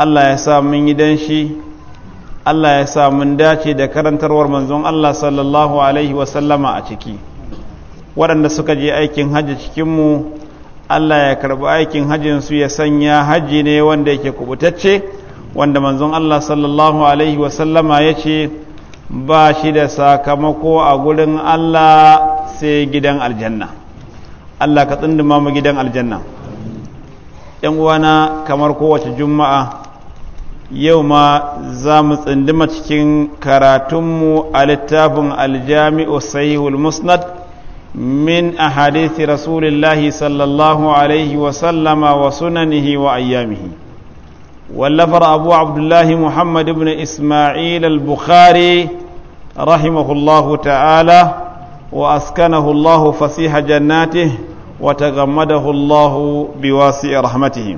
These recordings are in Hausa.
Allah ya sa mun yi dan shi Allah ya sa mun dace da karantarwar manzon Allah sallallahu alaihi wasallama a ciki waɗanda suka je aikin hajji cikinmu Allah ya karɓi aikin hajjinsu ya sanya hajji ne wanda yake kubutacce wanda manzon Allah sallallahu alaihi wasallama ya ce ba shi da sakamako a gurin Allah sai gidan aljanna Allah ka tsinduma mu gidan aljanna yan uwana kamar kowace juma'a yau ma za mu tsindima cikin karatunmu a littafin aljami'u sahihul musnad min a hadithi rasulillahi sallallahu alaihi wasallama wa sunanihi wa ayyamihi wallafar abu abdullahi muhammad ibn isma'il al-bukhari rahimahullahu ta'ala wa askanahu fasiha jannatihi وتغمده الله بواسع رحمته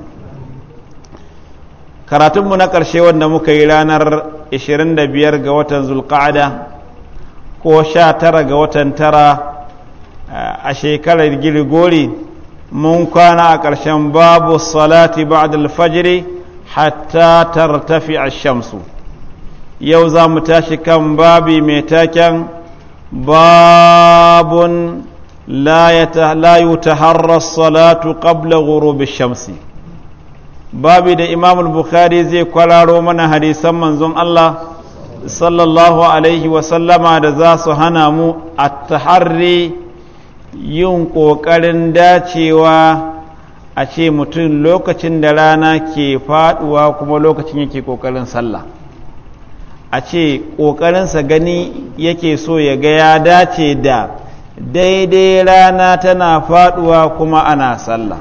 karatunmu na ƙarshe wanda muka yi ranar 25 ga watan zulƙa'ada ko 19 ga watan tara a shekarar girgori mun kwana a ƙarshen babu salati ba'd al-fajr hatta tartafi ash-shamsu yau za mu tashi kan babu mai taken babun لا يتحرى salatu قبل غروب shamsi babu da imamul bukhari zai kwararo mana hadisan manzon Allah sallallahu alaihi wasallama da za su hana mu a taharri yin ƙoƙarin dacewa a ce mutum lokacin da rana ke faɗuwa kuma lokacin yake ƙoƙarin sallah a ce ƙoƙarinsa gani yake so ya ga ya dace da daidai rana tana faduwa kuma ana sallah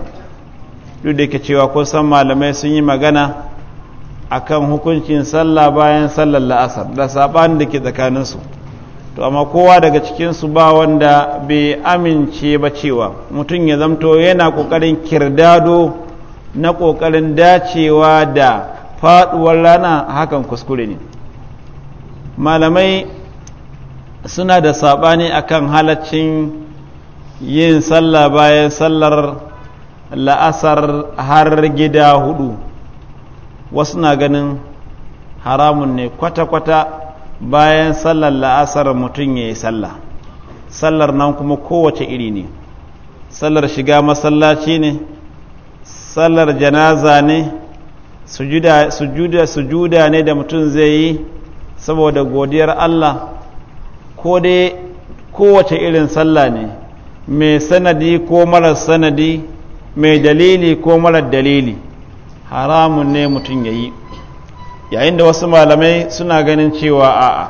duk da ke cewa kusan malamai sun yi magana akan hukuncin sallah bayan sallar la'asar da saɓanin da ke tsakaninsu to amma kowa daga cikinsu ba wanda bai amince ba cewa mutum ya zamto yana ƙoƙarin kirdado na ƙoƙarin dacewa da faɗuwar rana hakan kuskure ne malamai suna da saɓani akan halaccin yin sallah bayan sallar la'asar har gida hudu wasu na ganin haramun ne kwata-kwata bayan sallar la'asar mutum ya yi sallah sallar nan kuma kowace iri ne sallar shiga masallaci ne sallar janaza ne sujuda, sujuda ne da mutum zai yi saboda godiyar Allah ko dai kowace irin sallah ne mai sanadi ko marar sanadi mai dalili ko marar dalili haramun ne mutum ya yi yayin da wasu malamai suna ganin cewa a'a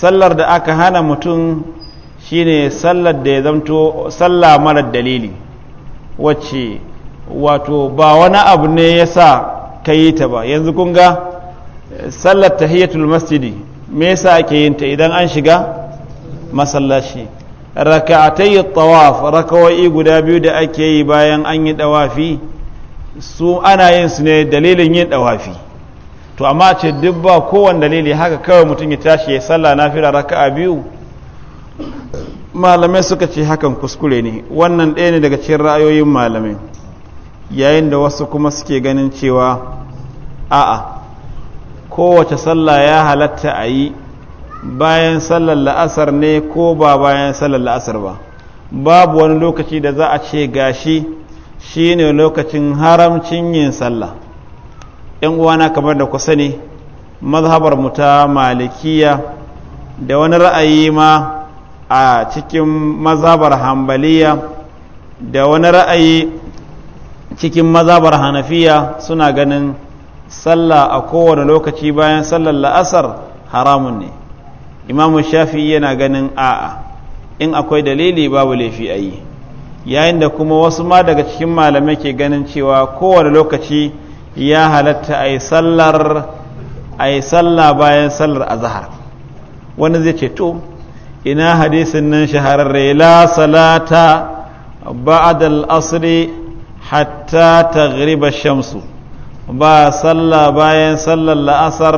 sallar da aka hana mutum shine sallar da ya zamto sallah marar dalili wacce wato ba wani abu ne ya sa ka yi ta ba yanzu kun ga sallar tahiyatul masjidi me yasa ake yin ta idan an shiga masallaci raka'atai tawaf rakawai guda biyu da ake yi bayan an yi dawafi su ana yin su ne dalilin yin dawafi to amma ce duk ba kowane dalili haka kawai mutum ya tashi ya sallah nafila raka'a biyu malamai suka ce hakan kuskure ne wannan ɗaya ne daga cikin ra'ayoyin malamai yayin da wasu kuma suke ganin cewa a'a kowace sallah ya halatta a yi bayan sallar la'asar ne ko ba bayan sallar la'asar ba babu wani lokaci da za a ce gashi shine lokacin haramcin yin sallah yan uwana kamar da ku sani mazhabar muta ta malikiya da wani ra'ayi ma a cikin mazhabar hambaliya da wani ra'ayi cikin mazhabar hanafiya suna ganin sallah a kowane lokaci bayan sallar la'asar haramun ne imamu shafi yana ganin a'a in akwai dalili babu laifi a yi yayin da kuma wasu ma daga cikin malamai ke ganin cewa kowane lokaci ya halatta a yi sallar a yi sallah bayan sallar azahar wani zai ce to ina hadisin nan shahararre la salata ba'da al-asri hatta taghriba shamsu ba sallah bayan sallar la'asar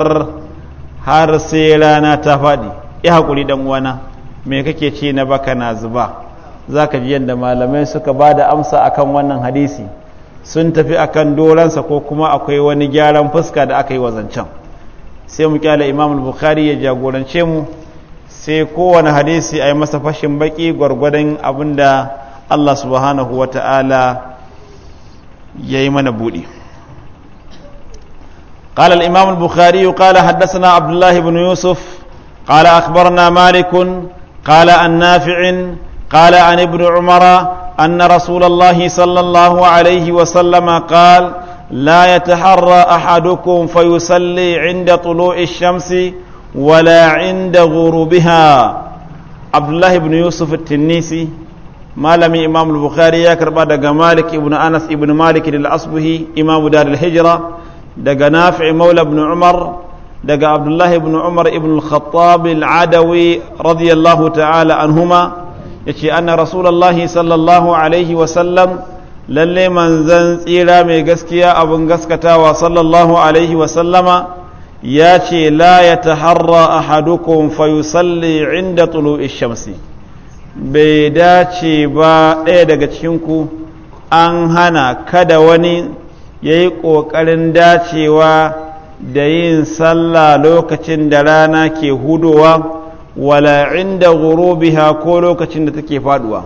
har sai rana ta faɗi ya haƙuri ɗan uwana mai kake ce na baka na zuba za ka ji yadda malamai suka ba da amsa akan wannan hadisi sun tafi akan doransa ko kuma akwai wani gyaran fuska da aka yi wazancan sai mu kyala imamul bukhari ya jagorance mu sai kowane hadisi a yi masa fashin baki gwargwadon abin da allah subhanahu wa ta'ala ya yi mana buɗi قال الإمام البخاري قال حدثنا عبد الله بن يوسف قال أخبرنا مالك قال عن نافع قال عن ابن عمر أن رسول الله صلى الله عليه وسلم قال لا يتحرى أحدكم فيصلي عند طلوع الشمس ولا عند غروبها عبد الله بن يوسف التنيسي malami imam bukhari ya karba daga malik ibn anas ibn malik al-asbuhi imamu dar al-hijra daga nafi maula ibn umar daga abdullahi ibn umar ibn al-khattab al-adawi radiyallahu ta'ala anhuma yace anna rasulullahi sallallahu alaihi wa sallam lalle manzan tsira mai gaskiya abun gaskatawa sallallahu alaihi wa sallama ya la yataharra ahadukum fa yusalli inda tulu'i shamsi bai dace ba ɗaya daga cikin ku an hana kada wani ya yi ƙoƙarin dacewa da yin sallah lokacin da rana ke hudowa wala inda gurubiha ko lokacin da take faduwa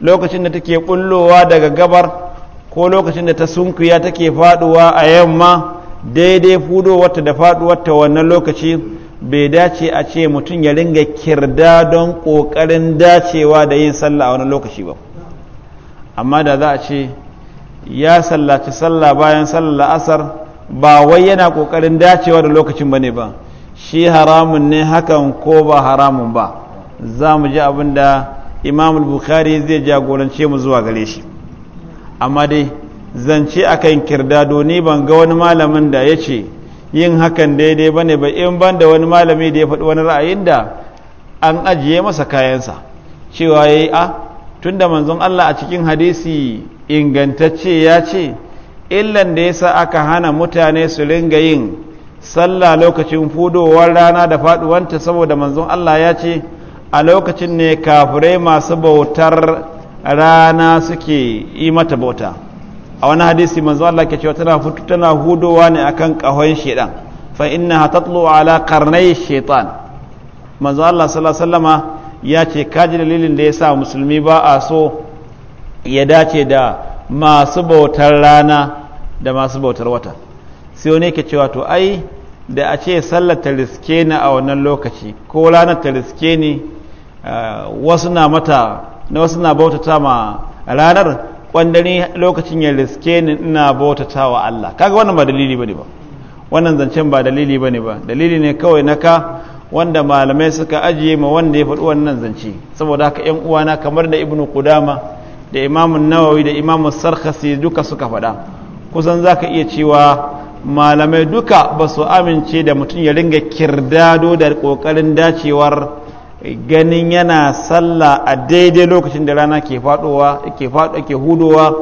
lokacin da take bullowa daga gabar ko lokacin da ta sunkuya take faduwa a yamma daidai hudowarta da faduwarta wannan lokaci bai dace a ce mutum ya ringa kirda don ƙoƙarin dacewa da yin sallah a wani lokaci ba amma da za a ce ya sallaci sallah bayan sallar la'asar ba wai yana kokarin dacewa da lokacin ba ne ba shi haramun ne hakan ko ba haramun ba za mu ji abin da imamul bukhari zai jagorance mu zuwa gare shi amma dai zance a kan kirdado ni ban ga wani malamin da ya ce yin hakan daidai ba ne ba in ban da wani malami da ya faɗi wani ra'ayin da an ajiye masa kayansa cewa ya yi a ah, tun da manzon allah a cikin hadisi ingantacce ya ce illan da yasa aka hana mutane su ringa yin sallah lokacin fudowar rana da faduwanta saboda manzon Allah ya ce a lokacin ne kafirai masu bautar rana suke yi mata bauta a wani hadisi manzon Allah ke cewa tana fito tana hudowa ne akan kahon shedan fa innaha tatlu ala qarnai shaitan manzon Allah sallallahu ya ce kaji dalilin da yasa musulmi ba a so ya dace da masu bautar rana da masu bautar wata sai wani ke cewa to ai da a ce sallar ta riske ni a wannan lokaci ko ranar ta riske ni eh, wasu na mata na wasu na bautata ma ranar kwandani lokacin ya riske ni ina bautata wa Allah kaga wannan ba dalili bane ba wannan zancen ba dalili bane ba dalili ne kawai na ka wanda malamai suka ajiye ma wanda ya faɗi wannan zance saboda haka 'yan uwana kamar da ibnu qudama da imamun nawawi da imamun sarkasi duka suka faɗa kusan za ka iya cewa malamai duka ba su amince da mutum ya ringa kirdado da ƙoƙarin dacewar ganin yana sallah a daidai lokacin da rana ke faɗowa ke ke hudowa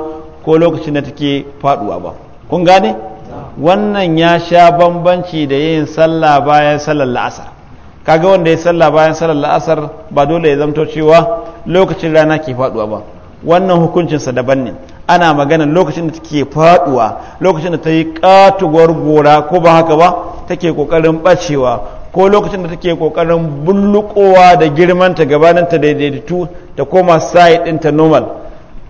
ko lokacin da take faɗuwa ba kun gane wannan ya sha bambanci da yin sallah bayan sallar la'asar kaga wanda ya sallah bayan sallar la'asar ba dole ya zamto cewa lokacin rana ke faɗuwa ba wannan hukuncinsa daban ne ana magana lokacin da take faduwa lokacin da ta yi katuwar gora ko ba haka ba take kokarin bacewa ko lokacin da take kokarin bullukowa da girmanta gabaninta daidaitu ta koma side ɗinta normal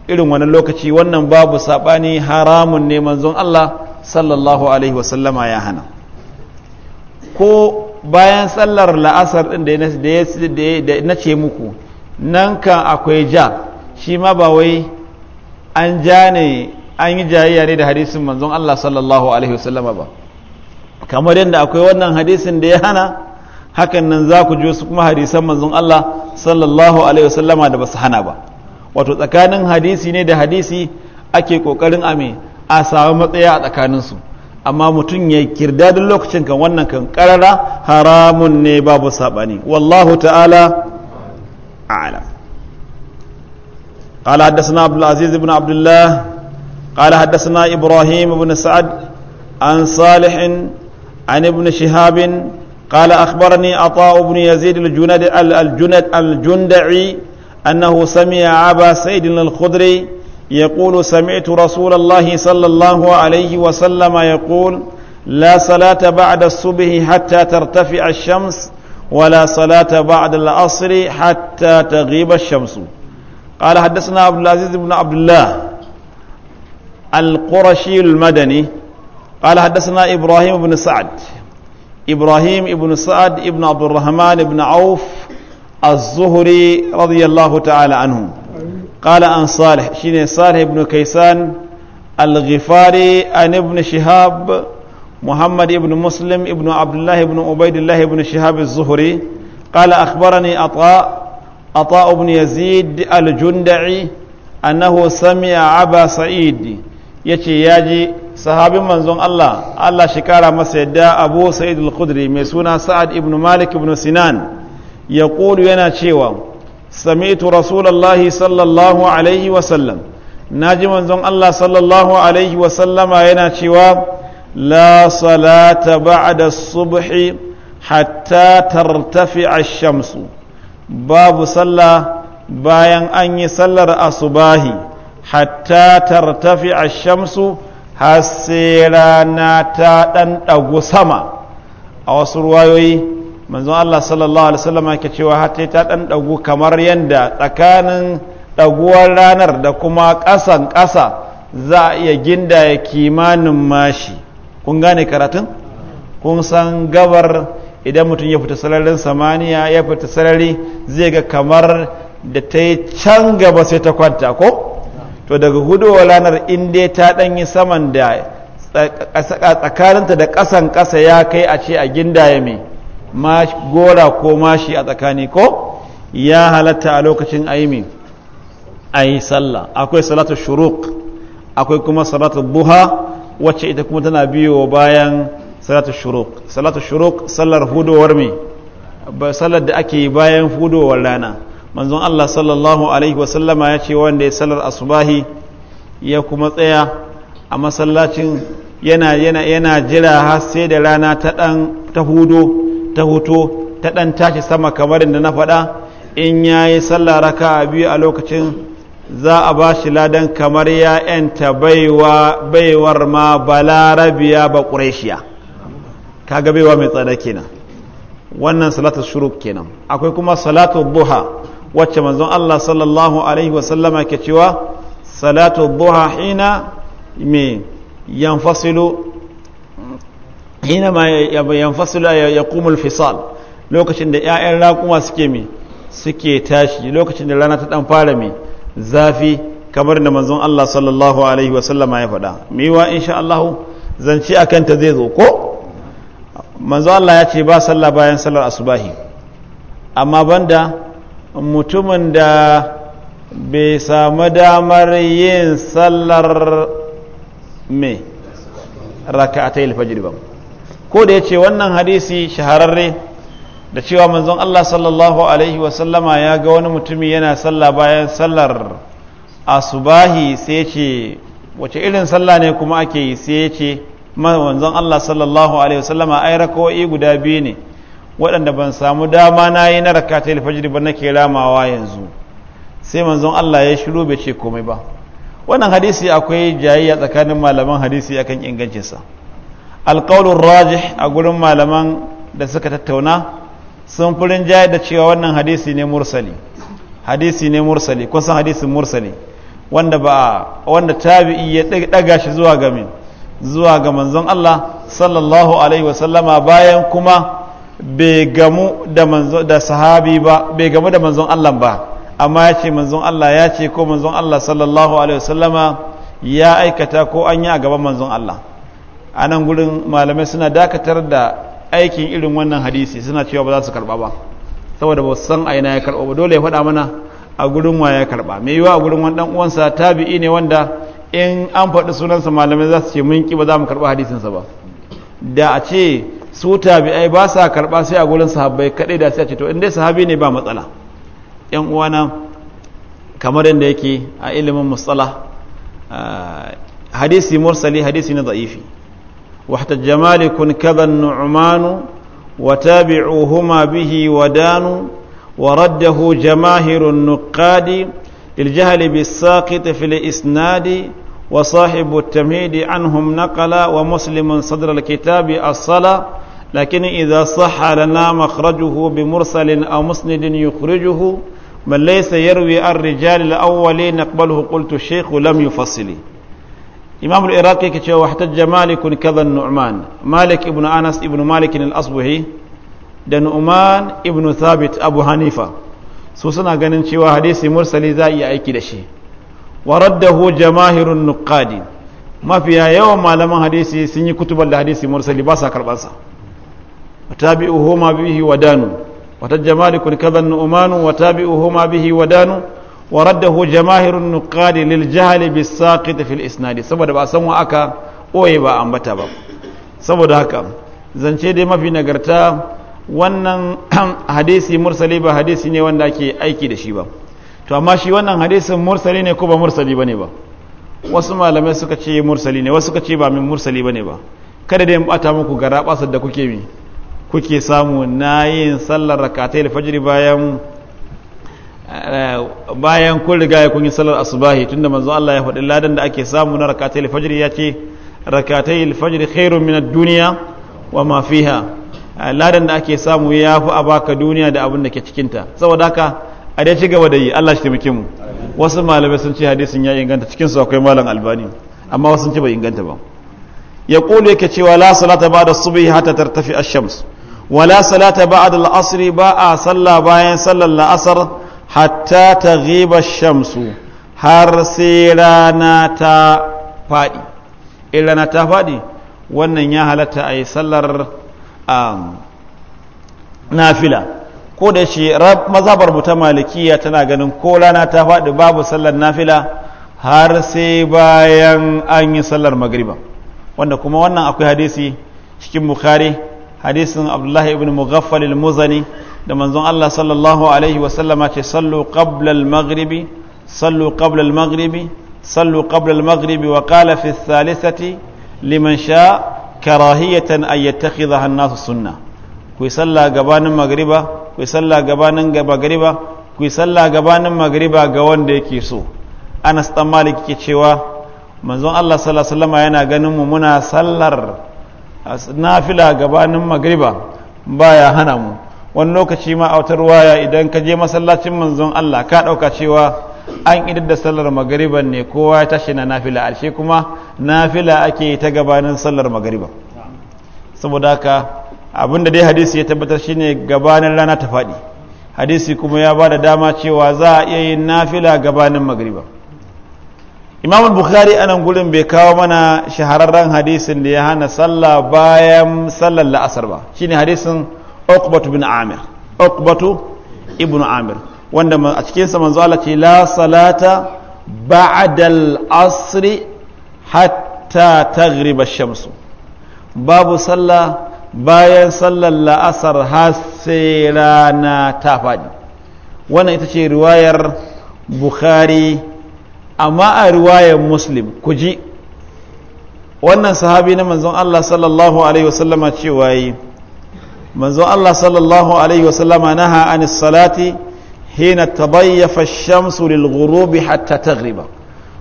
irin wani lokaci wannan babu saɓani haramun ne manzon Allah sallallahu alaihi wasallama ya hana ko bayan sallar la'asar ɗin da ya ce muku nan kan akwai ja shi ma ba wai an ja ne an yi jayayya ne da hadisin manzon Allah sallallahu alaihi wasallama ba kamar yadda akwai wannan hadisin da ya hana hakan nan za ku ji wasu kuma hadisan manzon Allah sallallahu alaihi wasallama da basu hana ba wato tsakanin hadisi ne da hadisi ake kokarin ame a samu matsaya a tsakanin su amma mutum ya kirda duk lokacin kan wannan kan karara haramun ne babu saɓani. wallahu ta'ala a'lam قال حدثنا عبد العزيز بن عبد الله قال حدثنا إبراهيم بن سعد عن صالح عن ابن شهاب قال أخبرني عطاء بن يزيد الجند الجند الجندعي أنه سمع أبا سيد الخدري يقول سمعت رسول الله صلى الله عليه وسلم يقول لا صلاة بعد الصبح حتى ترتفع الشمس ولا صلاة بعد العصر حتى تغيب الشمس قال حدثنا عبد العزيز بن عبد الله القرشي المدني قال حدثنا إبراهيم بن سعد إبراهيم بن سعد بن عبد الرحمن بن عوف الزهري رضي الله تعالى عنه قال عن صالح شين صالح بن كيسان الغفاري عن ابن شهاب محمد بن مسلم بن عبد الله بن عبيد الله بن شهاب الزهري قال أخبرني أطاء عطاء بن يزيد الجندعي أنه سمع أبا سعيد يتي ياجي صحابي منزون الله الله شكارة مسيدا أبو سعيد الخدري ميسونا سعد ابن مالك بن سنان يقول ينا شيوا سمعت رسول الله صلى الله عليه وسلم ناجي منزون الله صلى الله عليه وسلم ينا شيوا لا صلاة بعد الصبح حتى ترتفع الشمس babu sallah bayan an yi sallar asubahi hatta tartafi a shamsu har rana ta ɗan ɗagu sama a wasu ruwayoyi manzon Allah sallallahu alaihi wasallam yake cewa har ta ɗan ɗagu kamar yadda tsakanin ɗaguwar ranar da kuma ƙasan ƙasa za ya iya gindaya kimanin mashi kun gane karatun kun san gabar idan mutum ya fita sararin samaniya ya fita sarari zai ga kamar da ta yi can gaba sai ta kwanta ko to daga gudowa lanar inda ta ɗanyi saman da tsakaninta da kasan ƙasa ya kai a ce a ginda ya mai gora ko mashi a tsakani ko ya halatta a lokacin aimi a yi sallah akwai salatu shuruk akwai kuma salatu buha wacce ita kuma tana biyo bayan salatu shuruq salatu shuruq sallar hudowar me sallar da ake bayan hudowar rana manzon Allah sallallahu alaihi wa sallama ya ce wanda ya sallar asubahi ya kuma tsaya a masallacin yana yana yana jira har sai da rana ta dan ta hudo ta huto ta dan tashi sama kamar da na faɗa in yayi sallar raka biyu a lokacin za a ba shi ladan kamar ya 'yanta baiwar ma balarabiya ba ƙureshiya ga baiwa mai tsada kenan wannan salatu shuruk kenan akwai kuma salatu duha wacce manzon Allah sallallahu alaihi sallama ke cewa salatu duha hina me yanfasilu hina ma yanfasilu yaqumu al-fisal lokacin da ƴaƴan raƙuma suke mi suke tashi lokacin da rana ta dan fara mi zafi kamar da manzon Allah sallallahu alaihi sallama ya faɗa miwa insha Allah zance akan ta zai zo ko manzo Allah ya ce ba sallah bayan sallar asubahi amma banda mutumin da bai samu damar yin sallar me raka'atai alfajr ba ko da ya ce wannan hadisi shahararre da cewa manzon Allah sallallahu alaihi wa sallama ya ga wani mutumi yana sallah bayan sallar asubahi sai ce wace irin sallah ne kuma ake yi sai ce manzon Allah sallallahu alaihi wasallama ai rakawoyi guda biyu ne waɗanda ban samu dama na yi na rakata alfajiri ba nake ramawa yanzu sai manzon Allah ya shiru bai ce komai ba wannan hadisi akwai jayayya tsakanin malaman hadisi akan ingancinsa alƙawlun rajih a gurin malaman da suka tattauna sun furin jayar da cewa wannan hadisi ne mursali hadisi ne mursali kusan hadisin mursali wanda ba wanda tabi'i ya daga shi zuwa gamin zuwa ga manzon Allah sallallahu alaihi wasallama bayan kuma bai gamu da manzon da sahabi ba bai gamu da manzon Allah ba amma ya ce manzon Allah ya ce ko manzon Allah sallallahu alaihi wasallama ya aikata ko an yi a gaban manzon Allah a nan gurin malamai suna dakatar da aikin irin wannan hadisi suna cewa ba za su karba ba saboda ba san aina ya karba ba dole ya faɗa mana a gurin wa ya karba mai yiwa a gurin wani dan uwansa tabi'i ne wanda in an faɗi sunansa malamai za su ce mun ƙi ba za mu karɓa hadisinsa ba da a ce su tabi'ai ba sa karɓa sai a gurin sahabbai kaɗai da sai a ce to inda sahabi ne ba matsala yan uwana kamar yadda yake a ilimin musala hadisi mursali hadisi na za'ifi. wata jamali kun kazan nu'manu wa tabi'uhuma bihi wa danu wa raddahu jamahirun nuqadi iljahali jahli bis saqit fil isnadi وصاحب التمهيد عنهم نقل ومسلم صدر الكتاب الصلاة لكن إذا صح لنا مخرجه بمرسل أو مسند يخرجه من ليس يروي الرجال الأولين نقبله قلت الشيخ لم يفصل إمام العراقي كتشو واحتج مالك كذا النعمان مالك ابن أنس ابن مالك الأصبهي da nu'man ibn thabit abu hanifa su suna ganin cewa hadisi mursali za a iya aiki da shi wa raddahu jamaahirun nuqadi mafiya yawan malaman hadisi sun yi kutubar da hadisi mursali ba sa karɓar sa tabi'uhu ma bihi wa danu wa tajmali kun kadhan nu'manu wa tabi'uhu ma bihi fil isnadi saboda ba san wa aka oye ba ambata ba saboda haka zance dai mafi nagarta wannan hadisi mursali ba hadisi ne wanda ake aiki da shi ba to amma shi wannan hadisin mursali ne ko ba mursali bane ba wasu malamai suka ce mursali ne wasu suka ce ba min mursali bane ba kada dai in bata muku gara basar da kuke mi kuke samu na yin sallar rakatai alfajiri bayan eh, bayan kun riga ya kun yi sallar asubahi tunda manzo Allah ya faɗi ladan da ake samu na rakatai alfajir ya ce rakatai alfajir khairun min ad-dunya wa ma fiha eh, ladan da ake samu ya fi a baka duniya da abin da ke cikinta saboda haka a dai ci gaba da yi Allah shi taimake mu wasu malamai sun ce hadisin ya inganta cikin su akwai malam albani amma wasu sun ce bai inganta ba ya kula yake cewa la salata ba'da subhi hatta tartafi ash-shams wala salata salata ba'da al-asr ba a salla bayan sallar la'asar hatta taghiba ash-shamsu har sai rana ta fadi in rana ta fadi wannan ya halatta a yi sallar um, nafila ko da shi mazhabar mu ta malikiya tana ganin ko rana ta faɗi babu sallar nafila har sai bayan an yi sallar magriba wanda kuma wannan akwai hadisi cikin bukhari hadisin abdullahi ibn mughaffal muzani da manzon Allah sallallahu alaihi wa sallama ce sallu qabla al-maghribi sallu qabla al-maghribi sallu qabla al-maghribi wa qala fi thalithati liman sha karahiyatan an yattakhidha an-nas sunna ku salla gabanin magriba ku yi sallah gabanin magariba ku yi sallah gabanin magariba ga wanda yake so anas dan malik ke cewa manzon Allah sallallahu alaihi yana ganin mu muna sallar nafila gabanin magariba baya hana mu wani lokaci ma a waya idan ka je masallacin manzon Allah ka dauka cewa an idar da sallar magariba ne kowa ya tashi na nafila alshe kuma nafila ake ta gabanin sallar magariba saboda haka abinda dai hadisi ya tabbatar shine gabanin rana ta faɗi hadisi kuma ya ba da dama cewa za a iya yin nafila gabanin magriba imamul bukhari anan gurin bai kawo mana shahararren hadisin da ya hana sallah bayan sallar la'asar ba shine hadisin uqbatu bin amir uqbatu ibn amir wanda a cikinsa manzo Allah ce la salata ba'da al-asr hatta taghriba ash-shamsu babu sallah bayan sallar la'asar har rana ta faɗi wannan ita ce riwayar bukhari amma a riwayar muslim ku ji wannan sahabi na manzon Allah sallallahu alaihi wasallama ce waye. manzon Allah sallallahu alaihi wasallama naha anis salati hina tabayyafa ash-shamsu lil ghurubi hatta taghriba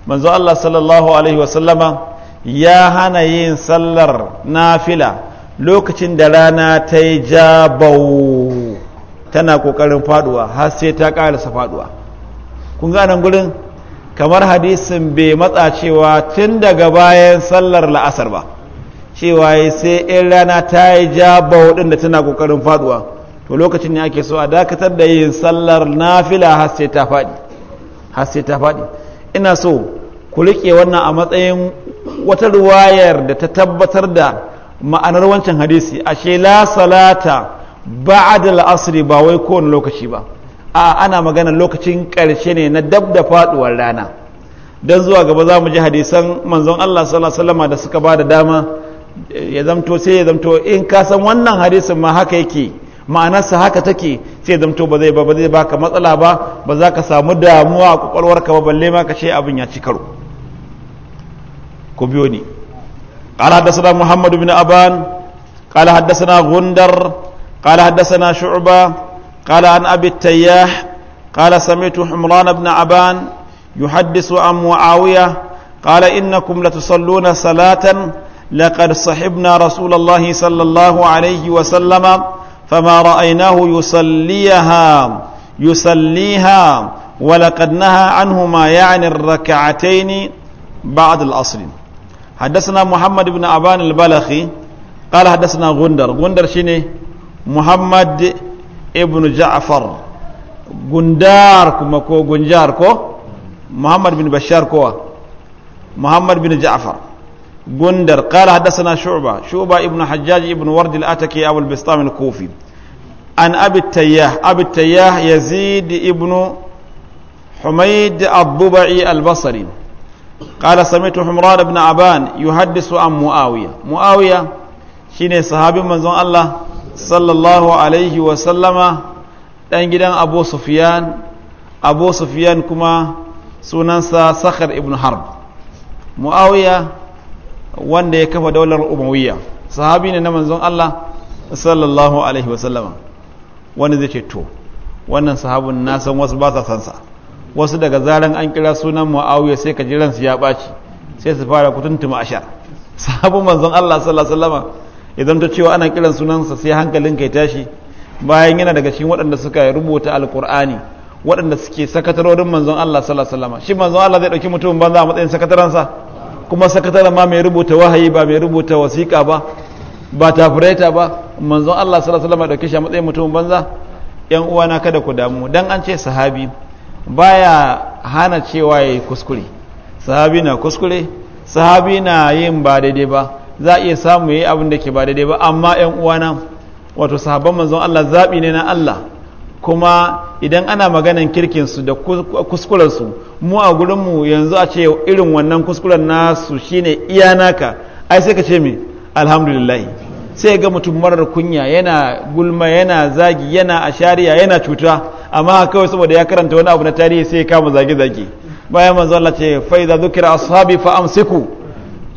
manzon Allah sallallahu alaihi wasallama ya hana yin sallar nafila lokacin da rana ta yi jabau tana kokarin faduwa har sai ta karasa faduwa kun ganin gurin kamar hadisin bai matsa cewa tun daga bayan sallar la'asar ba cewa sai in rana ta yi jabau ɗin da tana kokarin faduwa to lokacin ne ake so a dakatar da yin sallar nafila har sai ta faɗi har sai ta faɗi ina so ku riƙe wannan a matsayin wata ruwayar da ta tabbatar da ma'anar wancan hadisi ashe la salata ba'da al'asri ba wai kowane lokaci ba a ana magana lokacin ƙarshe ne na dab da faduwar rana dan zuwa gaba za mu ji hadisan manzon Allah sallallahu alaihi wasallam da suka ba da dama ya zamto sai ya zamto in ka san wannan hadisin ma haka yake ma'anarsa haka take sai zamto ba zai ba zai baka matsala ba ba za ka samu damuwa a kwakwalwarka ba balle ma ka ce abin ya ci karo ku biyo ni قال حدثنا محمد بن أبان قال حدثنا غندر قال حدثنا شعبة قال عن أبي التياح قال سمعت حمران بن أبان يحدث عن معاوية قال إنكم لتصلون صلاة لقد صحبنا رسول الله صلى الله عليه وسلم فما رأيناه يصليها يصليها ولقد نهى عنهما يعني الركعتين بعد الأصل حدثنا محمد بن أبان البلخي قال حدثنا غندر غندر شيني محمد ابن جعفر غندار كما كو غنجار كو محمد بن بشار كو محمد بن جعفر غندر قال حدثنا شعبة شعبة ابن حجاج ابن ورد الأتكي أبو البسطام الكوفي عن أبي التياه أبي التياه يزيد ابن حميد الضبعي البصري قال سمعت حمران بن عبان يحدث عن معاوية معاوية شيني صحابي منزون الله صلى الله عليه وسلم دان جدان أبو سفيان أبو سفيان كما سننسى صخر ابن حرب معاوية wanda ya kafa daular umawiyya sahabi ne na manzon Allah sallallahu alaihi wasallam wanda zai ce to wannan sahabin na san wasu ba sa san sa wasu daga zaran an kira sunan mu'awiyar sai ka ji ya ɓaci sai su fara kutuntuma sha sabon manzon Allah sallallahu alaihi wasallam idan ta cewa ana kiran sunansa sai hankalin kai tashi bayan yana daga cikin waɗanda suka rubuta alqur'ani waɗanda suke sakatarorin manzon Allah sallallahu alaihi wasallam shi manzon Allah zai dauki mutumin banza a matsayin sa kuma sakataren ma mai rubuta wahayi ba mai rubuta wasiƙa ba ba tafureta ba manzon Allah sallallahu alaihi wasallam ya dauke shi a matsayin mutumin banza yan uwana kada ku damu dan an ce sahabi baya hana cewa ya yi kuskure sahabi na kuskure sahabi na yin ba daidai ba za a iya samu ya yi abin da ke ba daidai ba amma yan uwana wato sahabban manzon Allah zabi ne na Allah kuma idan ana maganan kirkinsu da kuskurensu mu a gurinmu yanzu a ce irin wannan kuskuren nasu shine iya naka ai sai ka ce me alhamdulillah. sai ga mutum marar kunya yana gulma yana zagi yana ashariya yana cuta amma kawai saboda ya karanta wani abu na tarihi sai ya kama zage-zage bayan manzo Allah ce fa idza dhukira ashabi fa amsiku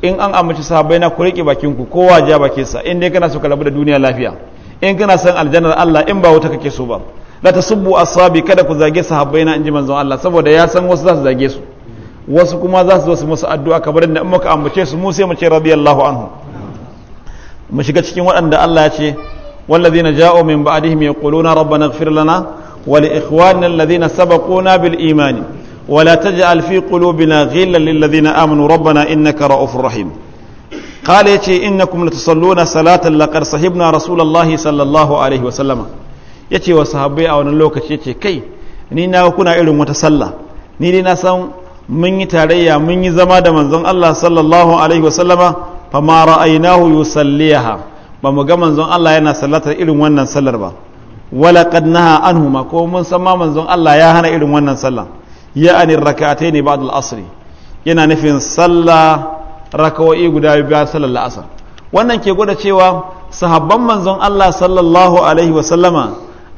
in an amince sahabbai na ku rike bakin ku kowa ja bakin sa in dai kana so ka rabu da duniya lafiya in kana son aljannar Allah in ba wuta kake so ba la tasubbu ashabi kada ku zage sahabbai na inji manzo Allah saboda ya san wasu za su zage su wasu kuma za su zo su musu addu'a kamar da in muka ambace su mu sai mu ce radiyallahu anhu mu shiga cikin waɗanda Allah ya ce wallazi na ja'o min ba'dihim yaquluna rabbana ighfir lana wa li ikhwanina alladhina sabaquna bil iman wa la taj'al fi qulubina ghillan lil ladhina amanu rabbana innaka ra'ufur rahim qala yace innakum latusalluna salatan laqad sahibna rasulullahi sallallahu alaihi wa sallama yace wa sahabbai a wannan lokaci yace kai ni na kuna irin wata sallah ni ne na san mun yi tarayya mun yi zama da manzon Allah sallallahu alaihi wa sallama fa ma ra'aynahu yusalliha ba mu ga manzon Allah yana sallatar irin wannan sallar ba wala qad naha anhuma ko mun san ma manzon Allah ya hana irin wannan sallar ani rak'atayn ba'da al-asr yana nufin sallah rak'o'i guda biyu sallar al-asr wannan ke gwada cewa sahabban manzon Allah sallallahu alaihi wa sallama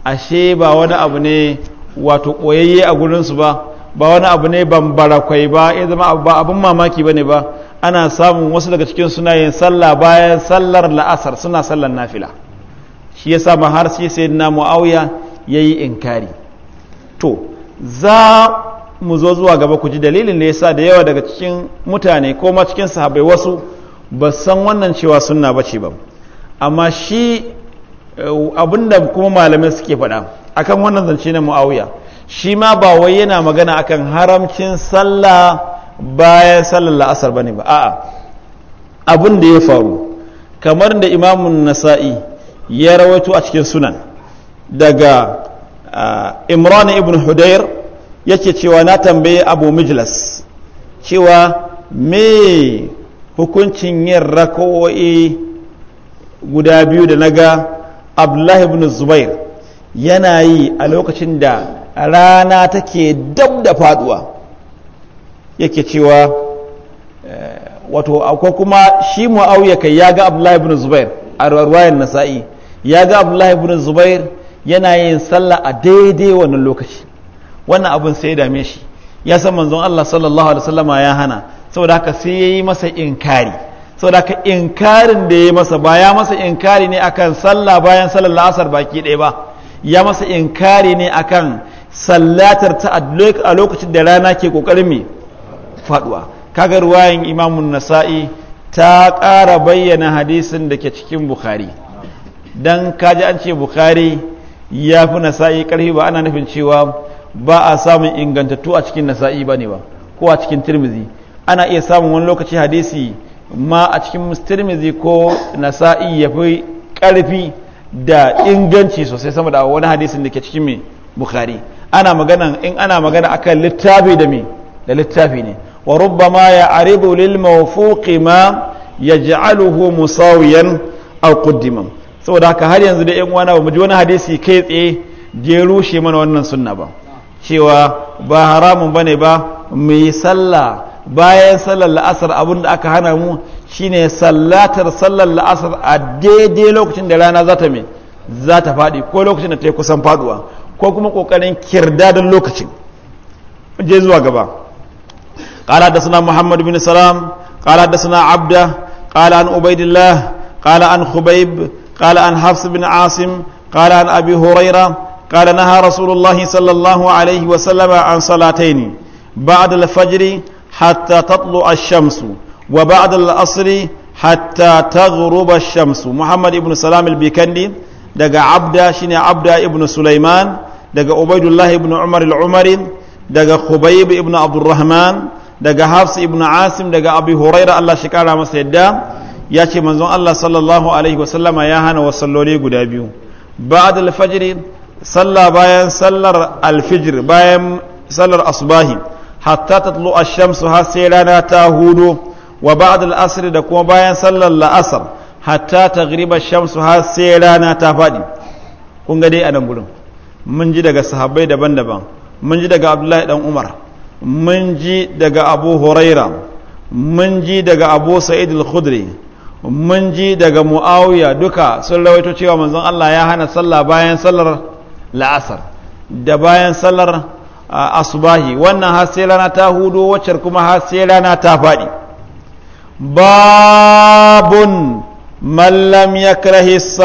ashe ba wani abu ne wato koyayye a gurinsu ba ba wani abu ne bambara kwai ba ya zama ba abin mamaki bane ba ana samun wasu daga cikin suna yin sallah bayan sallar la'asar suna sallar nafila shi ya sa har sai sai na mu'awiya ya yi inkari to za mu zo zuwa gaba ku ji dalilin da ya sa da yawa daga cikin mutane ko ma cikin sahabai wasu ba san wannan cewa sunna bace ba amma shi eh, abinda kuma malamai suke faɗa akan wannan zance na mu'awiya shi ma ba wai yana magana akan haramcin sallah bayan sallar la'asar bane ba a'a abin da ya faru kamar da imamun nasa'i ya rawaito a cikin sunan daga imran ibn hudayr yake cewa na tambaye abu mijlas cewa me hukuncin yin rakowai guda biyu da naga abdullahi ibn zubair yana yi a lokacin da rana take dab da faduwa yake cewa eh, wato akwai kuma shi mu'awiya kai ya ga abdullahi ibn zubair a ruwayar nasa'i ya ga abdullahi ibn zubair yana yin sallah a daidai wannan lokaci wannan abun sai dame shi ya san manzon Allah sallallahu alaihi wasallama ya hana saboda haka sai yayi masa inkari saboda haka inkarin da yayi masa ba ya masa inkari ne akan sallah bayan sallar la'asar baki ɗaya ba ya masa inkari ne akan sallatar ta a lokacin da rana ke kokarin me faduwa kaga ruwayan imamun nasa'i ta ƙara bayyana hadisin da ke cikin bukhari don kaji an ce bukhari ya fi nasa'i ƙarfi ba ana nufin cewa ba a samun ingantattu a cikin nasa'i ba ne ba ko a cikin tirmizi ana iya samun wani lokaci hadisi ma a cikin tirmizi ko nasa'i ya fi ƙarfi da inganci sosai sama da wani hadisin da ke cikin mai bukhari ana magana in ana magana akan littafi da me da littafi ne وربما يعرض للموفوق ما يجعله مساويا أو قدما saboda haka har yanzu da yan wani abu mu wani hadisi kai tsaye je rushe mana wannan sunna ba cewa ba haramun bane ba mu yi sallah bayan sallar la'asar abin da aka hana mu shine sallatar sallar la'asar a daidai lokacin da rana za ta me za ta faɗi ko lokacin da ta yi kusan faduwa ko kuma ƙoƙarin kirda don lokacin je zuwa gaba قال حدثنا محمد بن سلام قال حدثنا عبده قال عن عبيد الله قال عن خبيب قال عن حفص بن عاصم قال عن أبي هريرة قال نهى رسول الله صلى الله عليه وسلم عن صلاتين بعد الفجر حتى تطلع الشمس وبعد العصر حتى تغرب الشمس محمد بن سلام البيكندي دقى عبدة شنو عبدة ابن سليمان دقى عبيد الله بن عمر العمري دقى خبيب ابن عبد الرحمن daga Hafs ibn Asim daga Abi Huraira Allah shi kara masa yadda ya ce manzon Allah sallallahu alaihi wasallama ya hana wa guda biyu ba'd al-fajr salla bayan sallar al-fajr bayan sallar asbahi hatta tatlu ash-shamsu har sai rana ta hudo wa ba'd al-asr da kuma bayan sallar la'asar hatta taghriba ash-shamsu har sai rana ta fadi kun ga dai a nan gurin mun ji daga sahabbai daban-daban mun ji daga Abdullahi dan Umar mun ji daga abu huraira mun ji daga abu sa'id al-khudri mun ji daga mu'awiya duka sun rawaito cewa manzon Allah ya hana sallah bayan sallar la'asar da bayan sallar asubahi wannan har sai ta hudu wacce kuma har sai ta faɗi babun man lam yakrahi